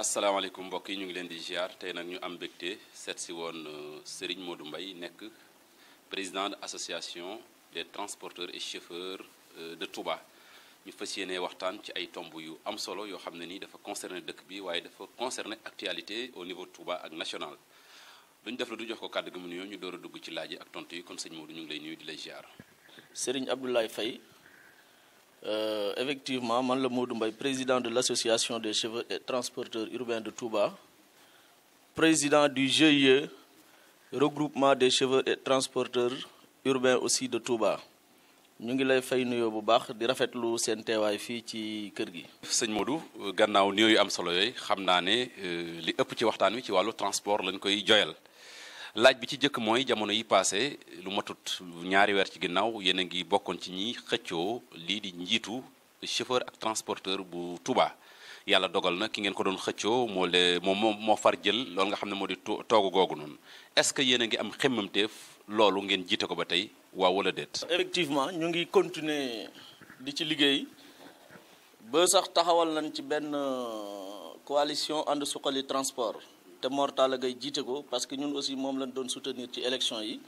asalaamaaleykum mbokk yi ñu ngi leen di ziar tey nag ñu am mbégte seet si woon euh, moo du mbay nekk président de association des transporteur et chauffeurs euh, de Touba ñu fas yéene waxtaan ci ay tomb yu am solo yoo xam ne nii dafa concerné dëkk bi waaye dafa concerné actualité au niveau Touba ak national duñ def la du jox ko kàddu gi mu nuyoo ñu door a dugg ci laaj yi ak tontu yi kon sëñ Modou ñu ngi lay nuyu di lay ziar. Serigne Abdoulaye Faye. Euh, effectivement man la Modou Mbaye président de l'association des chevaux et transporteurs urbains de Touba président du GIE regroupement des chevaux et transporteurs urbains aussi de Touba ñu ngi lay fay nuyoo bu baax di rafetlu seen teewaay fii ci kër gi. sëñ Modou gannaaw nuyoo yooyu am solo yooyu xam naa ne euh, li ëpp ci waxtaan wi ci wàllu transport lañ koy joyal laaj bi ci jëkk mooy jamono yi passé lu matut ñaari weer ci ginnaaw yéen a ngi bokkoon ci ñi xëccoo lii di njiitu chauffeur ak transporteur bu tubaa yàlla dogal na ki ngeen ko doon xëccoo moo le moom moo far jël loolu nga xam ne moo di toogu googu noonu est-ce que yéen a ngi am xemmamteef loolu ngeen jiite ko ba tey waaw wala déet. effectivement ñu ngi continuer di ci liggéey ba sax taxawal nañ ci benn euh, coalition ànd suqali transport. te Mor Talla Gueye jiite ko parce que ñun aussi moom lañ doon soutenir ci élection yi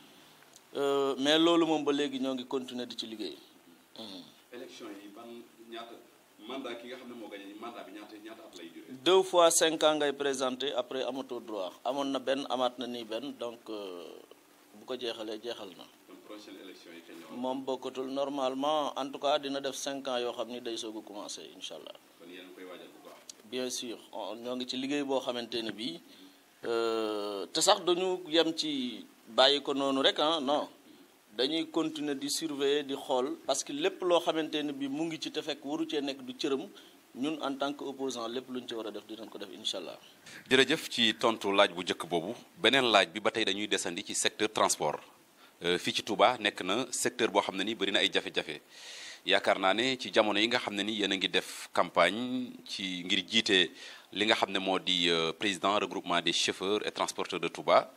euh, mais loolu moom ba léegi ñoo ngi continuer di ci liggéey. Hmm. élection yi ban ñaata mandat ki fois cinq ans ngay présenté après amatoo droit amoon na benn amaat na nii benn donc euh, bu ko jeexalee jeexal na. moom bokkatul normalement en tout cas dina def cinq ans yoo xam ni day soog a commencé incha allah. kon yéen ñoo ngi ci liggéey boo xamante ne bii. Euh, te sax dañu yem ci bàyyi ko noonu rek ah non dañuy continuer di surveiller di xool parce que lépp loo xamante ne bi mu ngi ci te fekk waru cee nekk du cërëm ñun en tant que opposant lépp lu ñu ci war a def dinañ ko def incha allah. jërëjëf ci tontu laaj bu njëkk boobu beneen laaj bi ba tey dañuy desandi ci secteur transport euh, fii ci Touba nekk na secteur boo xam ne ni bëri na ay jafe-jafe yaakaar naa ne ci jamono yi nga xam ne ni yéen a ngi def campagne ci ngir jiite. li nga xam ne moo di euh, président regroupement des chauffeurs et transporteurs de Touba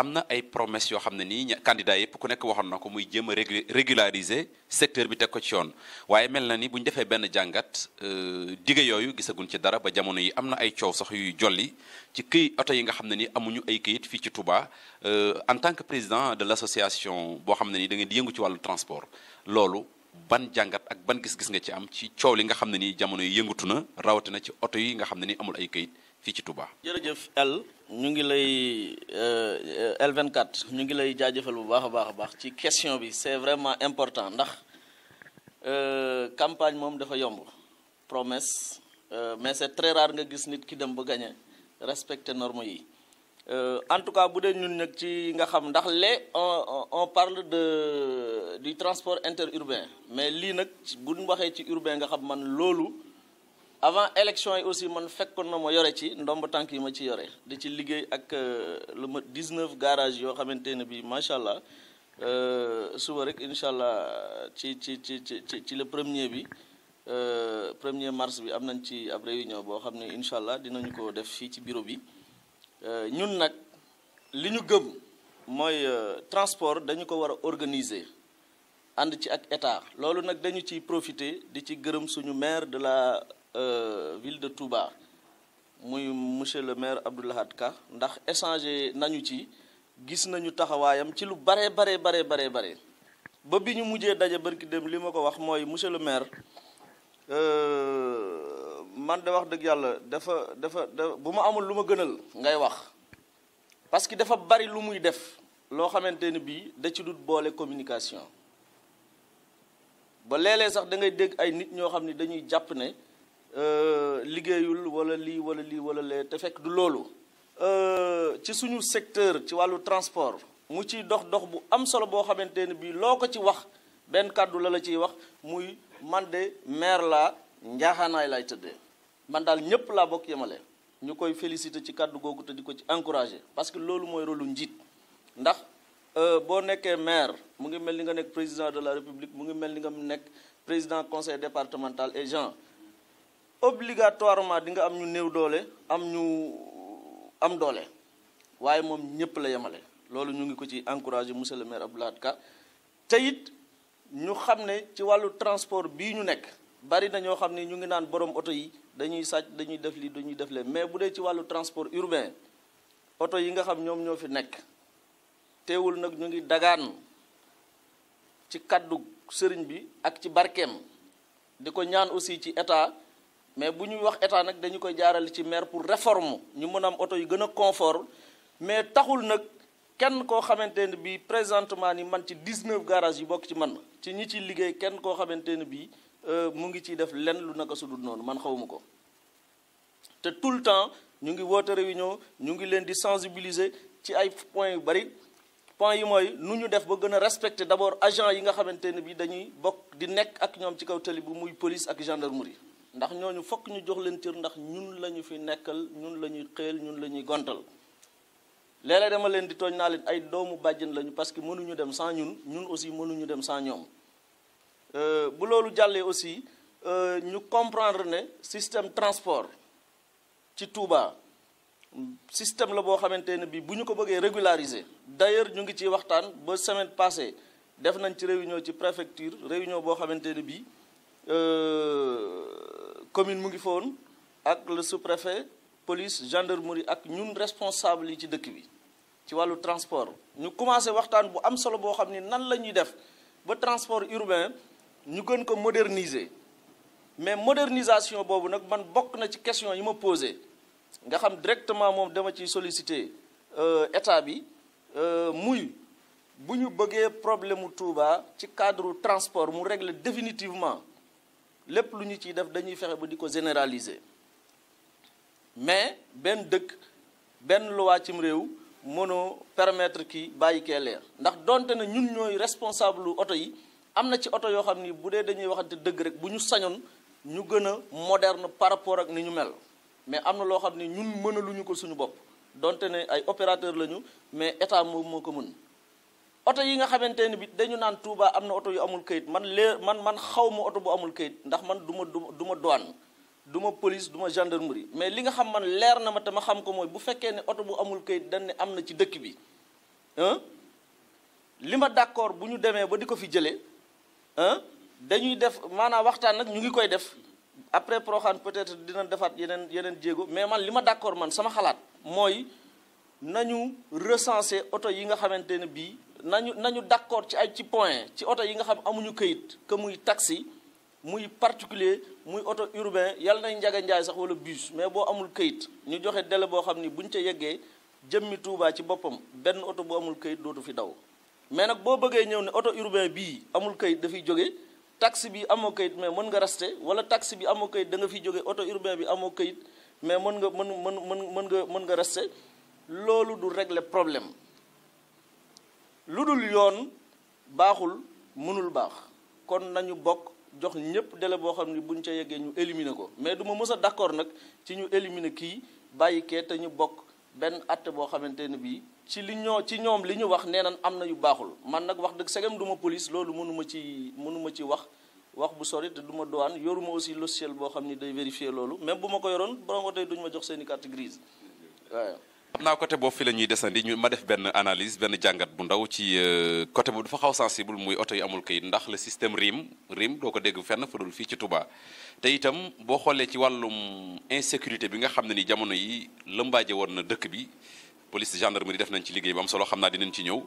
am na ay promesses yoo xam ne nii candidat yëpp ku nekk waxoon na ko muy jéem a régulariser secteur bi teg ko ci yoon waaye mel na ni bu ñu defee benn jàngat euh, dige yooyu gisaguñ ci dara ba jamono yi am na ay coow sax yuy jolli ci këy oto yi nga xam ne ni amuñu ay këyit fii ci Touba euh, en tant que président de l' association boo xam ne ni da ngeen di yëngu ci wàllu transport loolu. ban jàngat ak ban gis-gis nga ci am ci coow li nga xam ne nii jamono yi yëngatu na rawatina ci oto yi nga xam ne ni amul ay kayit fii ci Touba. jërëjëf L ñu ngi lay euh, L24 ñu ngi lay jaajëfal bu baax a baax a baax ci question bi c'est vraiment important ndax euh, campagne moom dafa yomb promesse euh, mais c'est très rare nga gis nit ki dem ba gagné respecter normes yi. Euh, en tout cas bu dee ñun nag ci nga xam ndax lee on on parle de du transport urbain mais lii nag bu ñu waxee ci urbain nga xam man loolu avant élection yi aussi man fekkoon na ma yore ci ndomb tànk yi ma ci yore di ci liggéey ak euh, lu ma 19 garages yoo xamante ne bii macha allah euh, suba rek incha allah ci ci ci ci ci le premier bi premier mars bi am nañ ci ab réunion boo xam ne incha allah dinañu ko def fii ci bureau bi. Euh, ñun nag li ñu gëm mooy euh, transport dañu ko war a organiser ànd ci ak état loolu nag dañu ciy profiter di ci gërëm suñu maire de la euh, ville de Touba muy monsieur le maire Abdoulahad ndax échanger nañu ci gis nañu taxawaayam ci lu bare bare bare bare bare ba bi ñu mujjee daje barki dem li ma ko wax mooy monsieur le maire man de wax dëgg yàlla dafa dafa bu ma amul lu ma gënal ngay wax parce que dafa bari lu muy def loo xamante ni bii da ci dut boole communication ba léeg sax da ngay dégg ay nit ñoo xam ne dañuy jàpp ne euh, liggéeyul wala lii wala lii wala lee te fekk du loolu euh, ci suñu secteur ci wàllu transport mu ciy dox dox bu am solo boo xamante ne bii loo ko ci wax benn kàddu la la ciy wax muy man de maire laa njaaxaanaay lay tëddee man daal ñëpp laa bokk yemale ñu koy féliciter ci kàddu googu te di ko ci encourager parce que loolu mooy rôle lu njiit ndax euh, boo nekkee maire mu ngi mel ni nga nekk président de la république mu ngi mel ni nga nekk président conseil départemental et gens obligatoirement di nga am ñu néew doole am ñu am doole waaye moom ñëpp la yemale loolu ñu ngi ko ci encourager monsieur le maire Abdoulaye Ka te it ñu xam ne ci wàllu transport bii ñu nekk bari na ñoo xam ne ñu ngi naan borom oto yi. dañuy sàcc dañuy def lii dañuy def leen mais bu dee ci wàllu transport urbain oto yi nga xam ñoom ñoo fi nekk teewul nag ñu ngi dagaan ci kàddu sëriñ bi ak ci barkeem di ko ñaan aussi ci état mais bu ñuy wax état nag dañu koy jaarale ci maire pour réforme ñu mën am oto yi gën a confort mais taxul nag kenn koo xamante ne bii présentement ni man ci 19 garages yi bokk ci man ci ñi ci liggéey kenn koo xamante ne bii. Euh, mu ngi ciy def lenn lu naka su noonu man xawma ko te tout le temps ñu ngi woote réunion ñu ngi leen di sensibiliser ci ay points yu bari point yi mooy nu ñu def ba gën a respecter d'abord agent yi nga xamante ne bi dañuy bokk di nekk ak ñoom ci kaw tali bu muy police ak gendarmerie ndax ñooñu fokk ñu jox leen cër ndax ñun la ñu fi nekkal ñun la ñuy xëyal ñun la ñuy gontal léeg dama leen di tooñ naa leen ay doomu bàjjen lañu parce que mënuñu dem sans ñun ñun aussi mënuñu dem sans ñoom Euh, bu loolu jàllee aussi euh, ñu comprendre ne système transport ci Touba système la boo xamante ne bi bu ñu ko bëggee régulariser d'ailleurs ñu ngi ciy waxtaan ba semaine passée def nañ ci réunion ci préfecture réunion boo xamante ne bi euh, commune mu ngi foon ak le sous-préfet police gendarmerie ak ñun responsable yi ci dëkk bi ci wàllu transport ñu commencé waxtaan bu am solo boo xam ni nan la ñuy def ba transport urbain ñu gën ko moderniser mais modernisation boobu nag man bokk na ci question yi ma posé nga xam directement moom dama ciy sollicité euh, état bi euh, muy bu ñu bëggee problème mu Touba ci cadre transport mu régler définitivement lépp lu ñu ciy def dañuy fexe ba di ko généraliser mais benn dëkk benn loi cim réew mënoo permettre ki bàyyi kee ndax donte ne ñun ñooy responsable oto yi. am na ci oto yoo xam ni bu dee dañuy waxante dëgg rek bu ñu sañoon ñu gën a moderne par rapport ak ni ñu mel mais am na loo xam ne ñun mëna lu ñu ko suñu bopp donte ne ay opérateur lañu mais état moom moo ko mën oto yi nga xamante ne bi dañu naan Touba am na oto yu amul kayit man lee man man xaw ma oto bu amul kayit ndax man du ma du du ma douane du ma police du ma gendarmerie mais li nga xam man leer na ma te ma xam ko mooy bu fekkee ne oto bu amul kayit dañ ne am na ci dëkk bi li ma d'accord bu ñu demee ba di ko fi jëlee dañuy def maanaa waxtaan nag ñu ngi koy def après Proxaan peut-être dina defaat yeneen yeneen jéego mais man li ma d'accord man sama xalaat mooy nañu recenser oto yi nga xamante ne bii nañu nañu d'accord ci ay ci point ci oto yi nga xam amuñu këyit que muy taxi muy particulier muy oto urbain yàlla nañ njaga njaay sax wala bus mais boo amul këyit ñu joxe délai boo xam ni bu buñ ca yeggee jëmmi Tuubaa ci boppam benn oto bu amul këyit dootu fi daw mais nag boo bëggee ñëw ne auto urbain bii amul kayit dafay jóge taxi bi amoo kayit mais mën nga resté wala taxi bi amoo kayit danga nga fiy jóge auto urbain bi amoo kayit mais mën nga mën mën mën mën nga mën nga resté loolu du regle problème lu dul yoon baaxul mënul baax kon nañu bokk jox ñëpp délai boo xam ne buñ ca yeggee ñu éliminer ko mais du ma mës a d'accord nag ci ñu éliminer kii bàyyi kee te ñu bokk benn atte boo xamante ne bii ci li ñoo ci ñoom li ñu wax nee nan am na yu baaxul man nag wax dëgg segam du ma police loolu mënuma ci mënu ci wax wax bu sori te duma ma yoruma aussi logiciel boo xam ni day vérifier loolu même bu ma ko yoroon borom oto yi duñu ma jox seen i carte grise waaw xam naa côté boobu fi la ñuy desandi ñu ma def benn analyse benn jàngat bu ndaw ci euh, côté bu dafa xaw sensible muy oto yi amul kayit ndax le système RIM RIM doo ko dégg fenn fu fii ci Touba te itam boo xoolee ci wàllum insécurité bi nga xam ne ni jamono yi lëmbaaje woon na dëkk bi police gendarmerie def nañ ci liggéey bu solo xam naa dinañ ci ñëw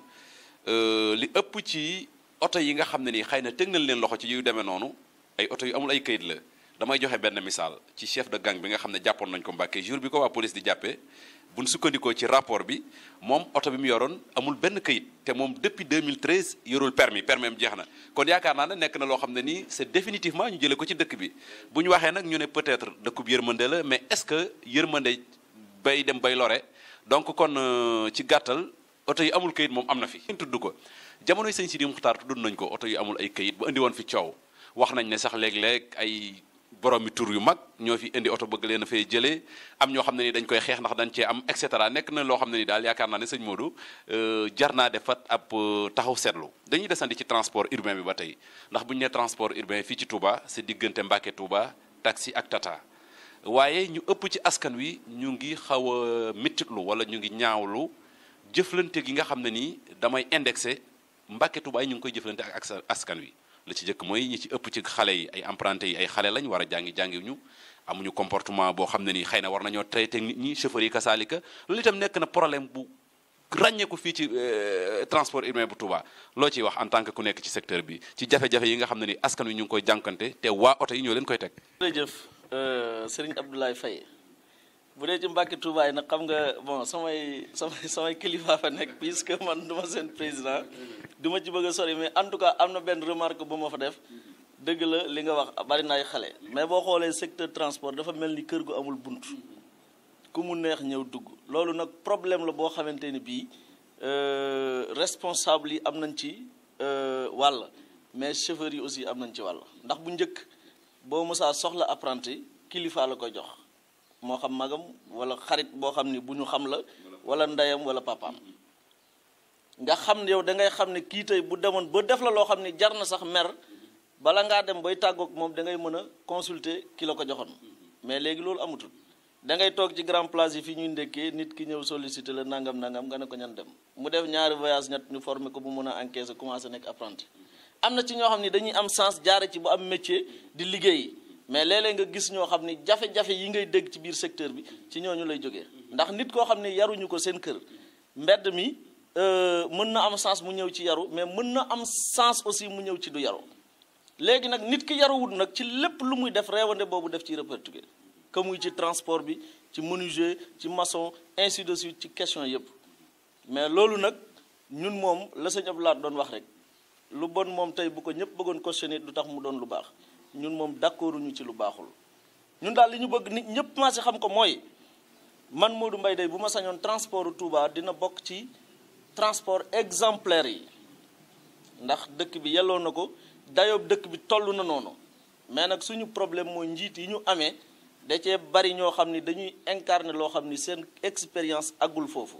euh, li ëpp ci oto yi nga xam ne nii xëy na teg nañ leen loxo ci yu demee noonu ay oto yu amul ay kayit la damay joxe benn misaal ci chef de gang bi nga xam ne jàppoon nañ ko Mbàkke jour bi ko waa police di jàppe buñ sukkandikoo ci rapport bi moom oto bi mu yoroon amul benn kayit te moom depuis 2013 yorul permis permis am jeex na kon yaakaar naa ne nekk na loo xam ne nii c'est définitivement ñu jëlee ko ci dëkk bi bu ñu waxee nag ñu ne peut-être dëkkub yërmande la mais est-ce que yërmande bay dem bay lore donc kon euh, ci gàttal oto yi amul kayit moom am na fi. tudd ko jamonoy sëñ Sidi Muxtaar tudd nañ ko oto yi amul ay kayit bu indi woon fi coow wax nañ ne sax léeg-léeg ay. borom mi tur yu mag ñoo fi indi oto bëgg leen a fay jëlee am ñoo xam ne ni dañ koy xeex ndax dañ cee am et cetera nekk na loo xam ne ni daal yaakaar naa ne sëñ Modou euh, jar naa defat ab euh, taxaw seetlu dañuy desandi ci transport urbain bi ba tey ndax bu ñu nee transport urbain fii ci Touba c'est diggante Mbacké Touba taxi ak Tata waaye ñu ëpp ci askan wi ñu ngi xaw a méttitlu wala ñu ngi ñaawlu jëflante gi nga xam ne nii damay indexé Mbacké Touba yi ñu ngi koy jëflante ak askan wi. la ci jëkk mooy ñi ci ëpp ci xale yi ay emprunté yi ay xale lañ war a jàngi jàngiwuñu amuñu comportement boo xam ne ni xëy na war nañoo traité nit ñi chauffeurs yi kasaalika itam nekk na problème bu ràññeeku fii ci euh, transport urbain bu Touba loo ciy wax en tant que ku nekk ci secteur bi ci jafe-jafe yi nga xam ne ni askan wi ñu ngi koy jànkante te waa oto yi ñoo leen koy teg. jërëjëf euh, Serigne Abdoulaye Faye bu dee ci Mbàkke Touba yi nag xam nga bon samay samay samay kilifa fa nekk puisque man du ma seen président du ma ci bëgg a sori mais en tout cas am na benn remarque bu ma fa def dëgg la li nga wax bari na ay xale mais boo xoolee secteur transport dafa mel ni kër gu amul bunt ku mu neex ñëw dugg loolu nag problème la boo xamante ni bii euh, responsable yi am nañ ci euh, wàll mais chauffeurs yi aussi am nañ ci wàll ndax bu njëkk boo mosaa soxla apprenti kilifa la ko jox moo xam magam wala xarit boo xam ni bu ñu xam la wala ndeyam wala papaam nga xam ne yow da ngay xam ne kii tey bu demoon ba def la loo xam ne jar na sax mer balaa ngaa dem bay tàggoog moom da ngay mën a consulter ki la ko joxoon mais léegi loolu amatul da ngay toog ci grand place yi fi ñuy ndekkee nit ki ñëw sollicité la nangam nangam nga ne ko ñan dem mu def ñaari voyage ñett ñu former ko bu mën a encaisser commencé nekk apprenti am na ci ñoo xam ni dañuy am sens jaare ci bu am métier di liggéey. mais léeg-léeg nga gis ñoo xam ni jafe-jafe yi ngay dégg ci biir secteur bi ci ñooñu lay jógee ndax nit koo xam ne yaruñu ko seen kër mbedd mi euh, mën na am sens mu ñëw ci yaru mais mën na am sens aussi mu ñëw ci du yaru léegi nag nit ki yaruwul nag ci lépp lu muy def reewande boobu def ci répercuté que muy ci transport bi ci menuisier ci maçon ainsi de suite ci question yëpp mais loolu nag ñun moom la sëñ Abdoulaye doon wax rek lu bon moom tey bu ko ñëpp bëggoon questionner du tax mu doon lu baax ñun moom d'accorduñu ci lu baaxul ñun daal li ñu bëgg nit ñëpp maa si xam ko mooy man Modou mbay day bu ma sañoon transport Touba dina bokk ci transport exemplaire yi ndax dëkk bi yelloo na ko dayoob dëkk bi toll na noonu mais nag suñu problème mooy njiit yi ñu amee da cee bari ñoo xam ni dañuy incarner loo xam ni seen expérience agul foofu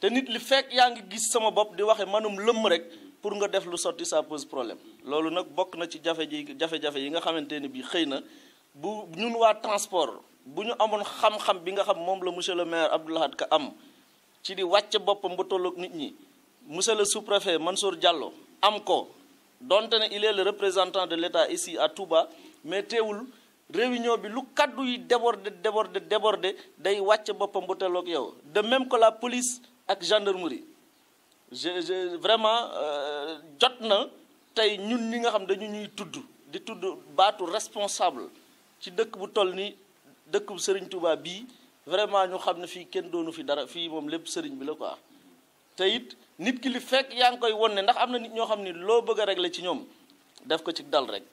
te nit li fekk yaa ngi gis sama bopp di waxe manum lëmm rek pour nga def lu sotti ça pose problème loolu nag bokk na ci jafe ji jafe-jafe yi nga xamante ni bii xëy na bu ñun waa transport bu ñu amoon xam-xam bi nga xam moom la monsieur le maire Abdou Lahad am ci di wàcc boppam ba tolloog nit ñi monsieur le sous-préfet Mansour Diallo am ko donte na il est représentant de l'État ici à Touba mais teewul réunion bi lu kàddu yi débordé débordé débordé day wàcc boppam ba tolloog yow de même que la police ak gendarmerie. je je vraiment euh, jot na tey ñun li nga xam dañu ñuy tudd di tudd baatu responsable ci dëkk bu toll ni dëkk bu tubaab bii vraiment ñu xam ne fii kenn doonu fi dara fii moom lépp Serigne bi la quoi te it nit ki li fekk yaa ngi koy won ne ndax am na nit ñoo xam ne loo bëgg a régler ci ñoom def ko ci dal rek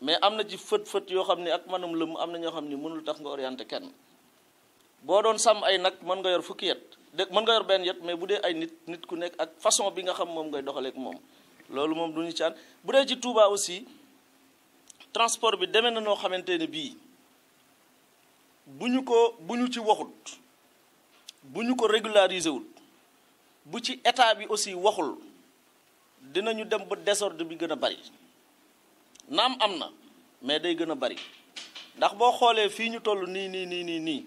mais am na ci fët fët yoo xam ni ak manum lëmm am na ñoo xam ni mënul tax nga orienté kenn boo doon sàmm ay nag mën nga yor fukki yet dégg mën nga yor benn yet mais bu dee ay nit nit ku nekk ak façon bi nga xam moom ngay doxaleek moom loolu moom du ñu caan bu dee ci Touba aussi transport bi demee na noo xamante ne bii bu ñu ko bu ñu ci waxut bu ñu ko régulariser wul bu ci état bi aussi waxul dinañu dem ba désordre bi gën a bari naam am na mais day gën a bari ndax boo xoolee fii ñu toll nii nii nii nii nii.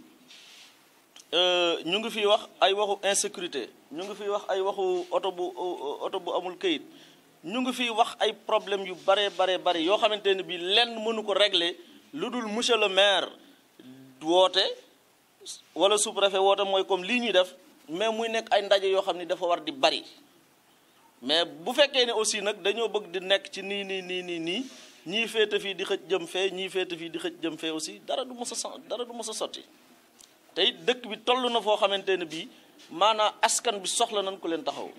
Euh, ñu ngi fi wax ay waxu insécurité ñu ngi fiy wax ay waxu oto bu oto bu amul kayit ñu ngi fi wax ay problème yu bare bare bare yoo xamante ne bi lenn mënu ko régler lu dul monsieur le maire woote walla sous-préfet woote mooy comme lii ñuy def mais muy nekk ay ndaje yoo xam ni dafa war di bari mais bu fekkee ne aussi nag dañoo bëgg di nekk ci nii nii nii nii nii ñii féete fii di xëj jëm fee ñii féete fii di xëj jëm fee aussi dara du mos dara du mos a sotti te it dëkk bi toll na foo xamante ne bii maanaam askan bi soxla nañ ko leen taxaw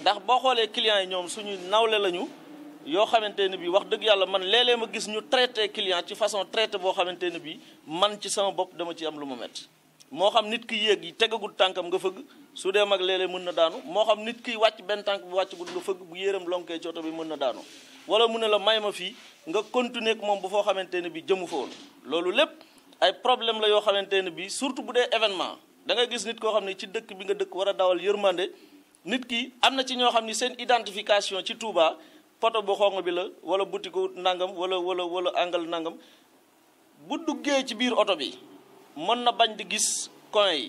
ndax boo xoolee clients yi ñoom suñu nawle lañu yoo xamante ne bii wax dëgg yàlla man léeg ma gis ñu traité client ci façon traité boo xamante ne bii man ci sama bopp dama ci am lu ma metti moo xam nit ki yéeg yi tegagul tànkam nga fëgg su dee mag léeg mën na daanu moo xam nit kiy wàcc benn tànk bu wàccagul nga fëgg bu yéeram lonkee cooto bi mën na daanu wala mu ne la may ma fii nga continuer moom bu foo xamante ne bii jëmu fa woon loolu lépp ay problème la yoo xamante ne bii surtout bu dee événement da nga gis nit koo xam ne ci dëkk bi nga dëkk war a dawal yërmande nit ki am na ci ñoo xam ni seen identification ci Touba poto bu xong bi la wala butiku nangam wala wala wala angal nangam bu duggee ci biir oto bi mën na bañ di gis coin yi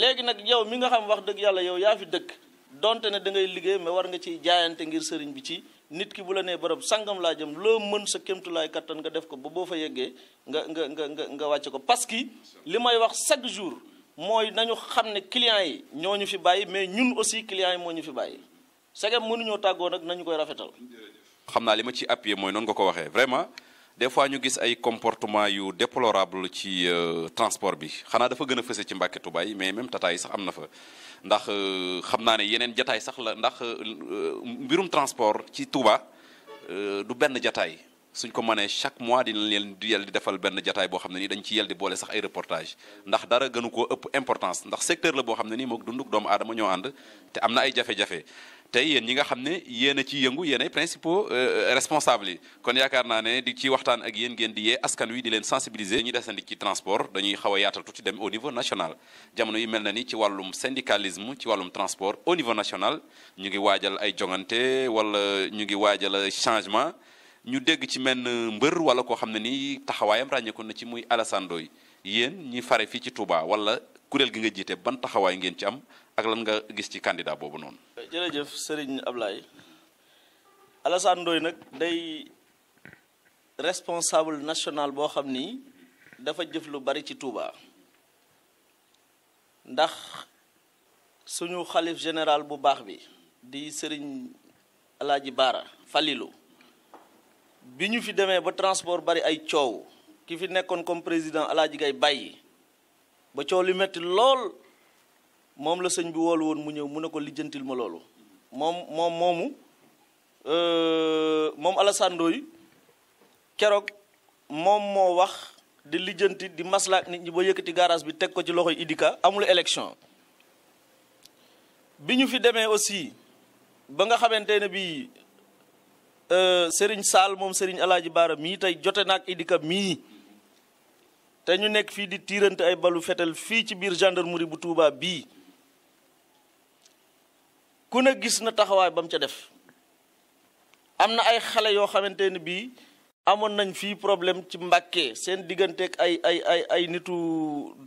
léegi nag yow mi nga xam wax dëgg yàlla yow yaa fi dëkk donte ne da ngay liggéey mais war nga ci jaayante ngir sëriñ bi ci nit ki bu la nee barab sàngam laa jëm loo mën sa kémtulaay kattan nga def ko ba boo fa yeggee nga nga nga nga nga wàcce ko parce que li may wax chaque jour mooy nañu xam ne clients yi ñoo ñu fi bàyyi mais ñun aussi clients yi moo ñu fi bàyyi segam mënuñoo tàggoo nag nañu koy rafetal xam naa li ma ci appuyé mooy noonu nga ko waxee vraiment des fois ñu gis ay comportement yu déplorable ci euh, transport bi xanaa dafa gën a fëse ci Mbàkke Tuubaa mais même tata sax am na fa ndax euh, xam naa ne yeneen jataay sax la ndax euh, mbirum transport ci Tuubaa du benn jataay suñ ko mënee chaque mois dinañ leen di yel defal benn jataay boo xam ne ni dañ ci yel di boole sax ay reportage ndax dara gënu ko ëpp importance ndax secteur la boo xam ne ni moog dunduk doomu aadama ñoo te am na ay jafe-jafe tey yéen ñi nga xam ne yéen a ci yëngu yenee ay principaux euh, euh, responsables yi kon yaakaar naa ne di ci waxtaan ak yéen ngeen di yee askan wi di leen sensibiliser ñu desandi ci transport dañuy xaw a yaatal tuuti dem au niveau national jamono yi mel na ni ci wàllum syndicalisme ci wàllum transport au niveau national ñu ngi waajal ay jongante wala ñu ngi waajal changement ñu dégg ci menn mbër wala koo xam ne ni taxawaayam ràññeeku na ci muy Alassane Ndoye yéen ñi fare fii ci Touba wala kuréel gi nga jiite ban taxawaay ngeen ci am ak lan nga gis ci candidat boobu noonu. jërëjëf Serigne Ablaye Alassane Ndoye nag day responsable national boo xam ni dafa jëf lu bari ci Touba ndax suñu xalif général bu baax bi di sëriñ Alaaji Baara Falilou. bi ñu fi demee ba transport bari ay coow ki fi nekkoon comme président Alaaji Gay bàyyi ba coow li metti lool moom la sëñ bi woolu woon mu ñëw mu ne ko lijjantil ma loolu moom moom moomu euh, moom Alassane Ndoye keroog moom moo wax di lijjanti di maslaak nit ñi ba yëkkati garage bi teg ko ci loxo Idika amul élection bi ñu fi demee aussi ba nga xamante ne bii Euh, sëriñ Saal moom sëriñ Alaaji Baara mii tey jote naak idika mii te ñu nekk fii di tiirante ay balu fetel fii ci biir gendarmerie bu Touba bii ku ne gis na taxawaay ba mu ca def am na ay xale yoo xamante ne bii amoon nañ fii problème ci Mbàkke seen digganteeg ay ay ay ay nitu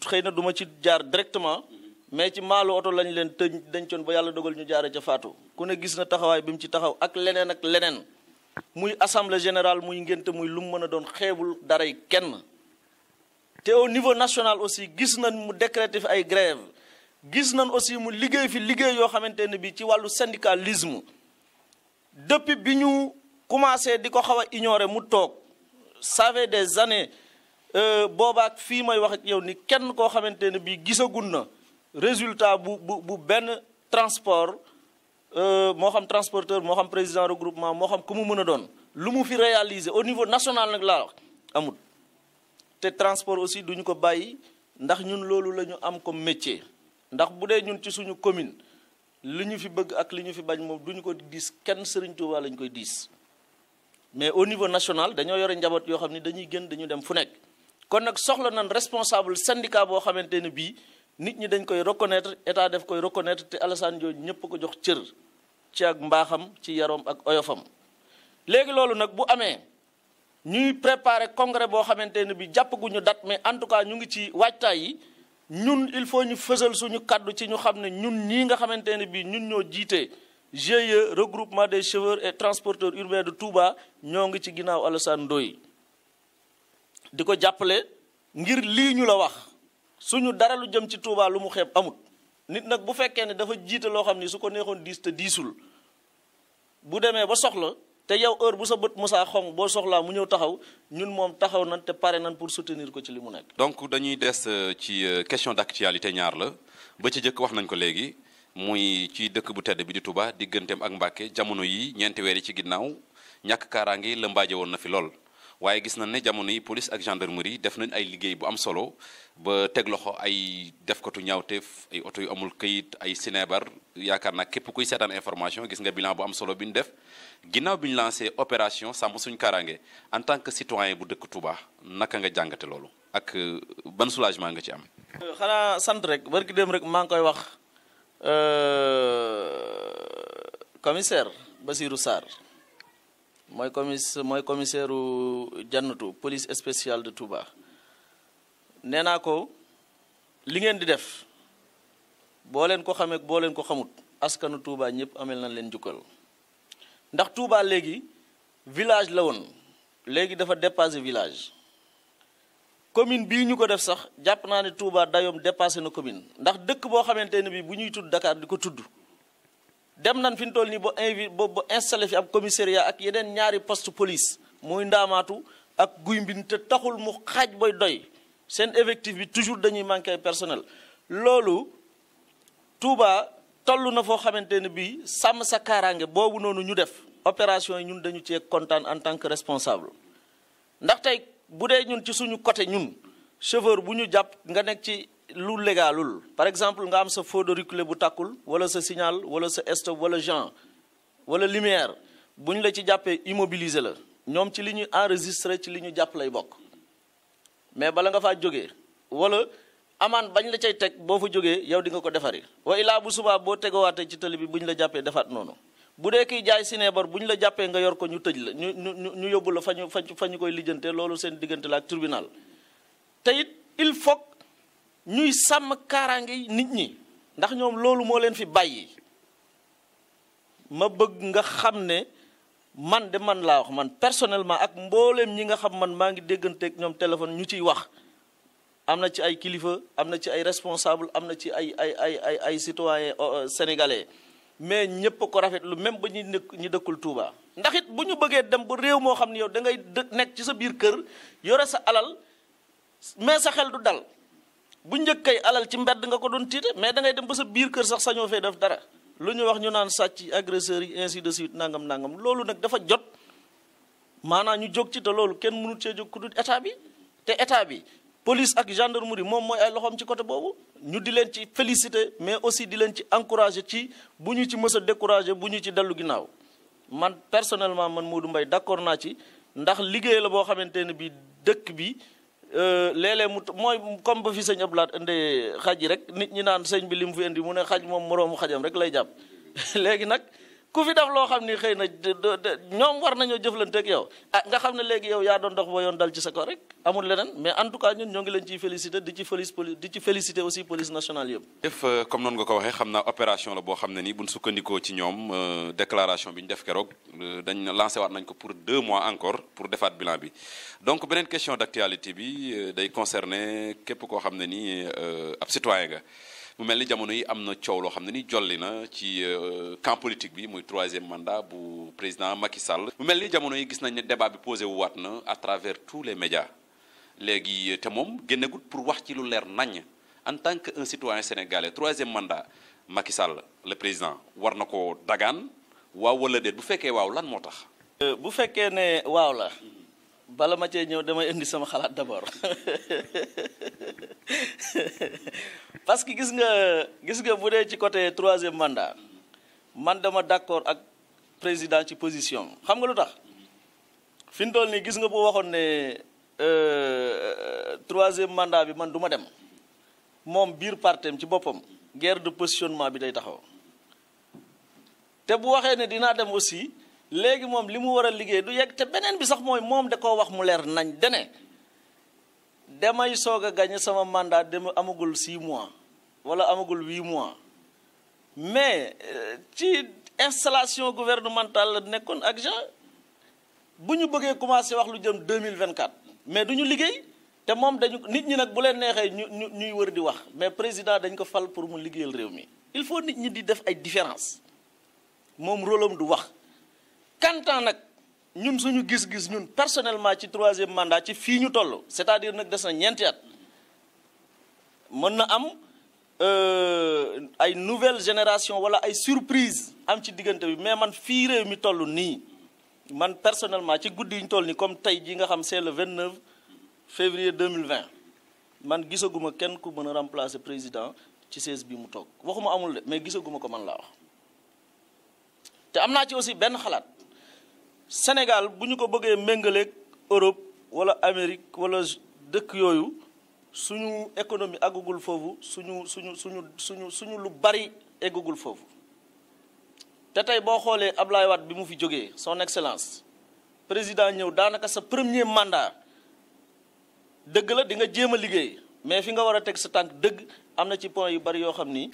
xëy na duma ci jaar directement mais ci maalu oto lañ leen tëj dencoon ba yàlla dogal ñu jaare ca faatu ku ne gis na taxawaay bi mu ci taxaw ak leneen ak leneen muy assemblée générale muy ngénte muy lu mu mën a doon xeebul daray kenn te au niveau national aussi gis nañ mu décréter fi ay grève gis nañ aussi mu liggéey fi liggéey yoo xamante ne bi ci wàllu syndicalisme depuis bi ñu commencé di ko xaw a ignorer mu toog ça des années euh, boobaak fii may wax ak yow ni kenn koo xamante ne bi gisagun na résultat bu bu bu benn transport Euh, moo xam transporteur moo xam président regroupement moo xam ku mu mën a doon lu mu fi réaliser au niveau national nag laa amut te transport aussi duñu ko bàyyi ndax ñun loolu la ñu am comme métier ndax bu dee ñun ci suñu commune li ñu fi bëgg ak li ñu fi bañ moom duñu ko diis kenn Serigne Touba lañu koy diis mais au niveau national dañoo yore njaboot yoo xam ni dañuy gën dañu dem fu nekk kon nag soxla nañ responsable syndicat boo xamante ne bii nit ñi dañ koy reconnaitre état def koy reconnaître te Alassane Diop ñëpp ko jox cër ci ak mbaaxam ci yaroom ak oyofam. léegi loolu nag bu amee ñuy préparer congrès boo xamante ne bi jàppaguñu gu dat mais en tout cas ñu ngi ci waajtaay yi ñun il faut ñu fësal suñu kàddu ci ñu xam ne ñun ñii nga xamante ne bi ñun ñoo jiite. GIE regroupement des chauffeurs et transporteurs urbains de Touba ñoo ngi ci ginnaaw Alassane yi di ko jàppale ngir lii ñu la wax suñu dara lu jëm ci Touba lu mu xeeb amut nit nag bu fekkee ne dafa jiite loo xam ni su ko neexoon diis te diisul bu demee ba soxla te yow heure bu sa bët musaa xong boo soxlaa mu ñëw taxaw ñun moom taxaw nan te pare nan pour soutenir ko ci li mu nekk. donc dañuy des euh, ci euh, question d'actualité ñaar la ba ci jëkk wax nañ ko léegi muy ci dëkk bu tedd bi di Touba digganteem ak Mbacké jamono yi ñeenti weer yi ci ginnaaw ñàkk kaaraange yi lëmbaaje woon na fi lool waaye gis nañ ne jamono yi police ak gendarmerie def nañ ay liggéey bu am solo. ba teg loxo ay def defkatu ñaawteef ay oto yu amul këyit ay sinébar yaakaar naa képp kuy seetaan information gis nga bilan bu am solo bi ñu def ginnaaw bi ñu lancé opération sàmm suñu kaaraange en tant que citoyen bu dëkk Touba naka nga jàngate loolu ak euh, ban soulagement nga ci am. Euh, xanaa sant rek barki dem rek maa ngi koy wax euh, commissaire Basirou Sarr mooy commis mooy commissaire police spéciale de Touba. nee naa ko li ngeen di def boo leen ko xamee boo ko xamut askanu Touba ñëpp amel nañ leen jukkal ndax Touba léegi village la woon léegi dafa dépassé village commune bii ñu ko def sax jàpp naa ne Touba dayoom dépassé na commune ndax dëkk boo xamante ne bii bu ñuy tudd dakaar di ko tudd dem nañ fi ñu toll nii ba invi ba installé fi ab commissariat ak yeneen ñaari poste police muy ndaamaatu ak guy mbin te taxul mu xaaj booy doy seen effectif bi toujours dañuy manqué ay personnel loolu Touba toll na foo xamante ne bii sàmm sa kaaraange boobu noonu ñu def opération yi ñun dañu cee kontaan en tant que responsable ndax tey bu dee ñun ci suñu côté ñun chauffeur bu ñu jàpp nga nekk ci lu légalul par exemple nga am sa feu de reculé bu tàkkul wala sa signal wala sa stop wala jean wala lumière bu ñu la ci jàppee immobiliser la ñoom ci li ñuy enregistré ci li ñu jàpp lay bokk mais bala nga faa jógee wala amaan bañ la cay teg boo fa jógee yow di nga ko defari wa ilaa bu subaa boo tegowaatee ci tali bi bu ñu la jàppee defaat noonu bu dee kiy jaay sineebar bu ñu la jàppee nga yor ko ñu tëj la ñu ñu ñu yóbbu la fa ñu fa ñu koy lijjante loolu seen diggante la ak tribunal te it il faut ñuy sàmm kaaraange nit ñi ndax ñoom loolu moo leen fi bàyyi ma bëgg nga xam ne man de man laa wax man personnellement ak mbooleem ñi nga xam man maa ngi déggante dégganteeg ñoom téléphone ñu ciy wax am na ci ay kilifa am na ci ay responsable am na ci ay ay ay ay ay citoyen euh, euh, sénégalais mais ñëpp ko rafetlu même ba ñu nekk ñu dëkkul tuuba ndax bu ñu bëggee dem ba réew moo xam ne yow da ngay dëkk nekk ci sa biir kër yore sa alal mais sa xel du dal bu njëkk kay alal ci mbedd nga ko doon tiite mais da ngay dem ba sa biir kër sax sañoo fee def dara. lu ñu wax ñu naan sàcc yi agresseurs yi insi de suite nangam nangam loolu nag dafa jot maanaa ñu jóg ci te loolu kenn mënut cee jóg ku dul état bi te état bi police ak gendarmerie moom mooy ay loxoom ci côté boobu ñu di leen ci féliciter mais aussi di leen ci encourager ci bu ñu ci mës a décourager bu ñu ci dellu ginnaaw man personnellement man moo Modou Mbaye d'accord naa ci ndax liggéey la boo xamante ne bi dëkk bi. Euh, léeg-léeg mu mooy comme ba fi sëñ Abdoulaat indee xaj yi rek nit ñi naan sëñ bi li mu fi indi mu ne xaj moom moroomu xajam rek lay jàpp léegi nag ku fi def loo xam ni xëy na ñoom war nañoo jëflanteeg yow ah nga xam ne léegi yow yaa doon ndox ba yoon dal ci sa kaw rek amul leneen mais en tout cas ñun ñoo ngi leen ciy félicité di ci police di ci félicité aussi police nationale euh, ko waxee xam naa opération la xam ne nii bu ñu sukkandikoo ci ñoom euh, déclaration bi ñu def keroog euh, dañ lancé waat nañ ko pour deux mois encore pour defaat bilan bi donc beneen question d' bi day concerner képp koo xam ne nii ab citoyen ga mu mel ni jamono yi am na coow loo xam ne ni jolli na ci euh, camp politique bi muy troisième mandat bu président Macky Sall. mu mel ni jamono yi gis nañ ne débat bi posé wu waat na à travers tous les médias léegi euh, te moom génnegut pour wax ci lu leer nañ en tant que un citoyen sénégalais troisième mandat Macky Sall le président war na ko dagaan waaw wala déet bu fekkee waaw lan moo tax. Euh, bu fekkee ne waaw la bala ma cee ñëw damay indi sama xalaat d'abord. parce que gis nga gis nga bu dee ci côté troisième mandat man dama d'accord ak président ci position xam nga lu tax fi mu toll nii gis nga bu waxoon ne euh, troisième mandat bi man duma dem moom biir partem ci boppam guerre de positionnement bi day taxaw te bu waxee ne dinaa dem aussi léegi moom li mu war a liggéey du yegg te beneen bi sax mooy moom da koo wax mu leer nañ dene damay soog a gagné sama mandat dem amagul 6 mois wala amagul 8 mois mais euh, ci installation gouvernementale la nekkoon ak Jean bu ñu bëggee commencé wax lu jëm 2024 mais du ñu liggéey te moom dañu nit ñi nag bu leen neexee ñu ñu ñuy wër di wax mais président dañ ko fal pour mu liggéeyal réew mi il faut nit ñi di def ay différence moom rôlam du wax kantaan nag ñun suñu gis-gis ñun personnellement ci troisième mandat ci fii ñu toll c'est-à-dire nag des na ñeenti at mën na am euh, ay nouvelle génération wala ay surprise am ci diggante bi mais man fii réew mi toll nii man personnellement ci guddi yi ñu toll nii comme tey ji nga xam c'est le 29 février 2020 man gisaguma kenn ku mën a remplacer président ci siège bi mu toog waxuma amul de mais gisaguma ko man laa wax te am naa ci aussi benn xalaat. Sénégal bu ñu ko bëggee méngaleeg Europe wala Amérique wala dëkk yooyu suñu économie àggugul foofu suñu suñu suñu suñu suñu lu bari eggugul foofu te tey boo xoolee Ablaye Wade bi mu fi jógee son excellence président ñëw daanaka sa premier mandat dëgg la dinga nga jéem a liggéey mais fi nga war a teg sa tànk dëgg am na ci point yu bari yoo xam ni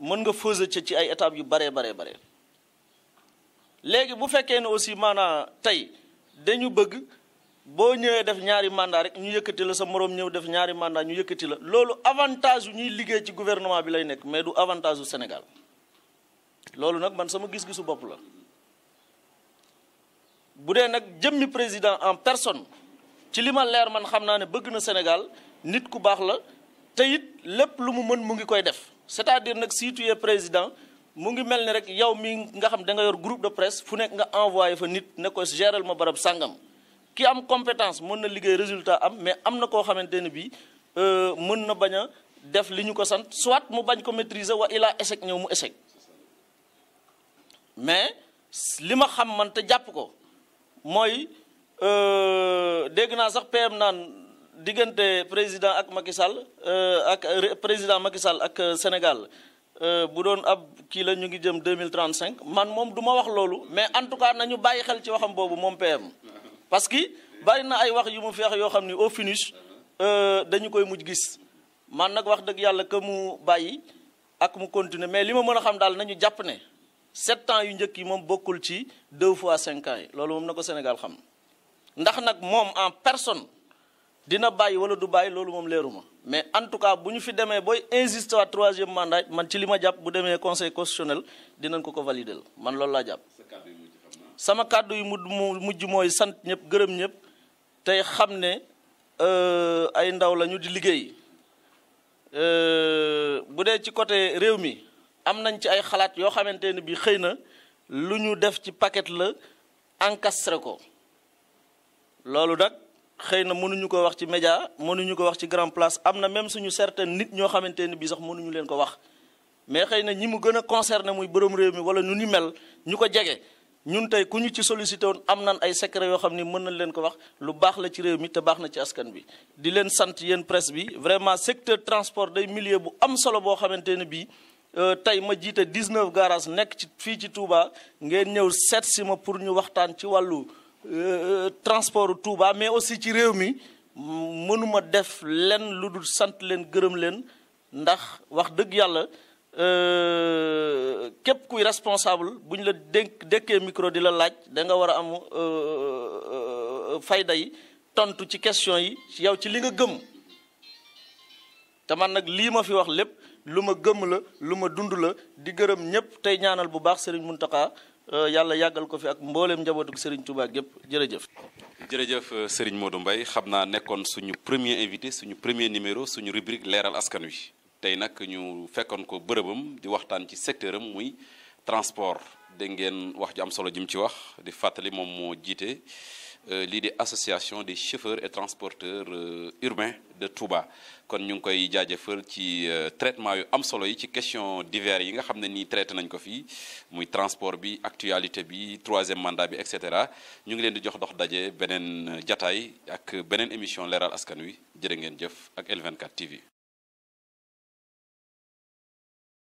mën nga fësa ci ay étapes yu baree baree bare léegi bu fekkee ne aussi maanaam tey dañu bëgg boo ñëwee def ñaari mandat rek ñu yëkkati la sa moroom ñëw def ñaari mandat ñu yëkkati la loolu avantage yu ñuy liggéey ci gouvernement bi lay nekk mais du avantage u Sénégal loolu nag man sama gis-gisu bopp la bu dee nag jëmmi président en personne ci li ma leer man xam naa ne bëgg na Sénégal nit ku baax la te it lépp lu mu mën mu ngi koy def c'est-à-dire nag si tu président mu ngi mel ni rek yow mi nga xam da nga yor groupe de presse fu nekk nga envoyé fa nit ne ko géral ma barab sàngam ki am compétence mën na liggéey résultat am mais am na koo xamante ne bii euh, mën na bañ a def li ñu ko sant soit mu bañ ko maîtriser wa ilaa échec ñëw mu échec mais li ma xam man te jàpp ko mooy euh, dégg naa sax PM naan diggante président ak Macky Sall euh, ak président Macky Sall ak Sénégal. Euh, bu doon ab kii la ñu ngi jëm deux mille trente cinq man moom duma wax loolu mais en cas nañu bàyyi xel ci waxam boobu moom PM parce que bari na ay wax yu mu feex yoo xam ni au finish euh, dañu koy mujj gis man nag wax dëgg yàlla que mu bàyyi ak mu continuer mais li ma mën a xam daal nañu jàpp ne sept ans yu njëkk yi moom bokkul ci deux fois cinq yi loolu moom na ko Sénégal xam ndax nag moom en personne. dina bàyyi wala du bàyyi loolu moom leeruma mais en tout cas bu ñu fi demee booy insiste waat troisième mandat man ci li ma jàpp bu demee conseil constitutionnel dinañ ko ko valider la man loolu laa jàpp. sama kàddu yu mujj mu mujj mooy sant ñëpp gërëm ñëpp tey xam ne euh, ay ndaw lañu di liggéey euh, bu dee ci côté réew mi am nañ ci ay xalaat yoo xamante ne bii xëy na lu ñu def ci paket la encastré ko loolu nag. xëy na mënuñu ko wax ci média mënuñu ko wax ci grand place am na même suñu certain nit ñoo xamante ne bii sax mënuñu leen ko wax mais xëy na ñi mu gën a concerné muy borom réew mi wala nu ni mel ñu ko jege ñun tey ku ñu ci sollicité am nan ay secret yoo xam ni mën nañ leen ko wax lu baax la ci réew mi te baax na ci askan bi. di leen sant yéen presse bi vraiment secteur transport day milieu bu am solo boo xamante ne bii. Euh, tey ma jiite 19 garage nekk ci fii ci Touba ngeen ñëw seet si ma pour ñu waxtaan ci wàllu. Euh, transport Touba mais aussi ci réew mi mënuma def lenn lu dul sant leen gërëm leen ndax wax dëgg yàlla euh, képp kuy responsable bu ñu la dénk dékkee micro di la laaj danga nga war a am euh, fayda yi tontu ci question yi yow ci li nga gëm te man nag lii ma fi wax lépp lu ma gëm la lu ma dund la di gërëm ñëpp tey ñaanal bu baax Serigne Mountakha Euh, yàlla yàggal ko fi ak mbooleem njabootu Serigne Touba gépp jërëjëf. jërëjëf Serigne Modou mbay xam naa nekkoon suñu premier invité suñu premier numéro suñu rubrique leeral askan wi tey nag ñu fekkoon ko bërëbam di waxtaan ci secteur am muy transport dégg ngeen wax ju am solo ji mu ci wax di fàttali moom moo jiite. Euh, lii de association de chauffeurs et transporteurs euh, urbains de Touba kon ñu ngi koy jaajëfal ci euh, traitement yu am solo yi ci question divers yi nga xam ne nii traité nañ ko fii muy transport bi actualité bi troisième mandat bi et cetera ñu ngi leen di jox dox daje beneen jataay ak beneen émission leeral askan wi jërë ngeen jëf ak L24 TV.